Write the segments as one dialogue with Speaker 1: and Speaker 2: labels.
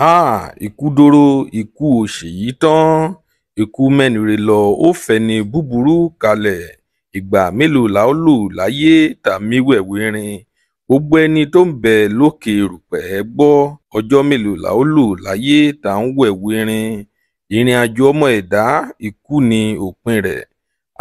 Speaker 1: háà ikú dọrọ ikú ó ṣèyí tán ikú mẹ́nire lọ ó fẹni búburú kalẹ̀ ìgbà mélòó la ó lò láyé tá a méwẹ̀wérin gbogbo ẹni tó ń bẹ lókè erùpẹ̀ ẹ gbọ́ ọjọ́ mélòó la ó lò láyé tá ń wẹ̀wérin ìrìn àjò ọmọ ẹ̀dá ikú ni òpin rẹ̀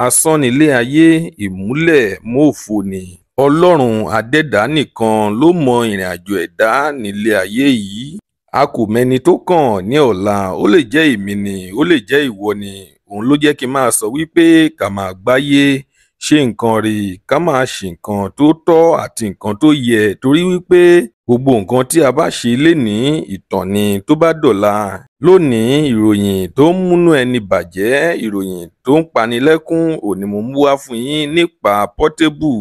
Speaker 1: asán nílé ayé ìmúlẹ̀ mọ́òfo ni ọlọ́run adẹ́dá nìkan ló mọ ìrìn àjò ẹ̀dá nílé ayé yìí a kò mẹni tó kàn ní ọla ó lè jẹ èmi ni ó lè jẹ ìwọ ni òun ló jẹ kí n máa sọ wípé ká máa gbáyé ṣe nǹkan rí ká máa ṣe nǹkan tó tọ́ àti nǹkan tó yẹ torí wípé gbogbo nǹkan tí a bá ṣe lénìí ìtàn tó bá dọ̀la lónìí ìròyìn tó ń múnú ẹni bàjẹ́ ìròyìn tó ń panilẹ́kún òní mo mú wá fún yín nípa Portable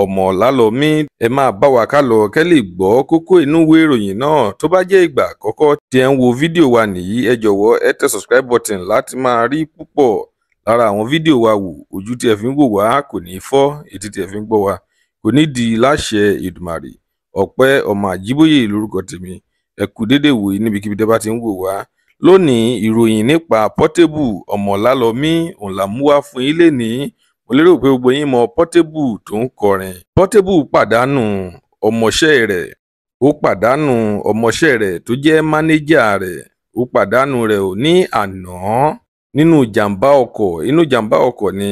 Speaker 1: ọmọlálọ́mí ẹ máa bá wa ká lọ kẹ́ lè gbọ́ kókó inú ìwé ìròyìn náà tó bá jẹ́ ìgbà àkọ́kọ́ tí ẹ ń wo fídíò wa nìyí ẹ jọ̀wọ́ ẹ tẹ subscribe button láti máa rí púpọ̀ lára àwọn fídíò wa wò ojú tí ẹ fi ń wò wá kò ní fọ́ etí tí ẹ fi ń gbọ́ wa kò ní di láṣẹ Èdùmàrè Ọpẹ́ Ọmọ Àjíbóyè lórúkọ tèmi ẹ kú dédé wò yìí níbikíbi tẹ́ bá ti ń wò wá lónìí ìròyìn nípa Portable Ọmọlálọ́mí òun la fún yín lénìí mo lérò pé gbogbo yín mọ Portable tó ń kọrin Portable pàdánù ọmọọṣẹ́ rẹ̀ ó pàdánù ọmọọṣẹ́ rẹ̀ tó jẹ́ mánéjà rẹ̀ ó pàdánù rẹ̀ ò ní àná nínú jàǹbá ọkọ̀ inú jàǹbá ọkọ̀ ni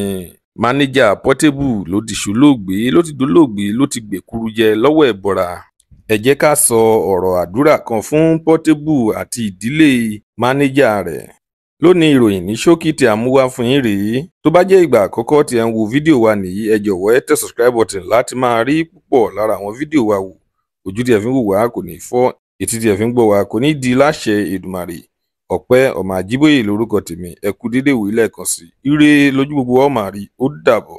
Speaker 1: mánéjà Portable ló ti ṣolóògbé ló ti dolóògbé ló ti gbèkuru jẹ lọ́wọ́ ẹ̀bọ̀ra ẹ jẹ́ ká sọ ọ̀rọ̀ àdúrà kan fún Portable àti ìdílé mánéjà rẹ̀ lónìí ìròyìn ní ṣókí tí a mú wá fún yín rèé tó bá jẹ́ ìgbà àkọ́kọ́ tí ẹ ń wo fídíò wa nìyí ẹ jọ̀wọ́ ẹ tẹ subscribe button láti máa rí púpọ̀ lára àwọn fídíò wa wò ojú tí ẹ fi ń wò wá kò ní fọ́ etí tí ẹ fi ń gbọ́ wá kò ní di láṣẹ Èdùmàrè Ọpẹ́ Ọmọ Àjíbóyè lórúkọ tèmi ẹ kú dédé wò lẹ́ẹ̀kan sí ire lójú gbogbo ọmọ àrí ó dàbọ̀.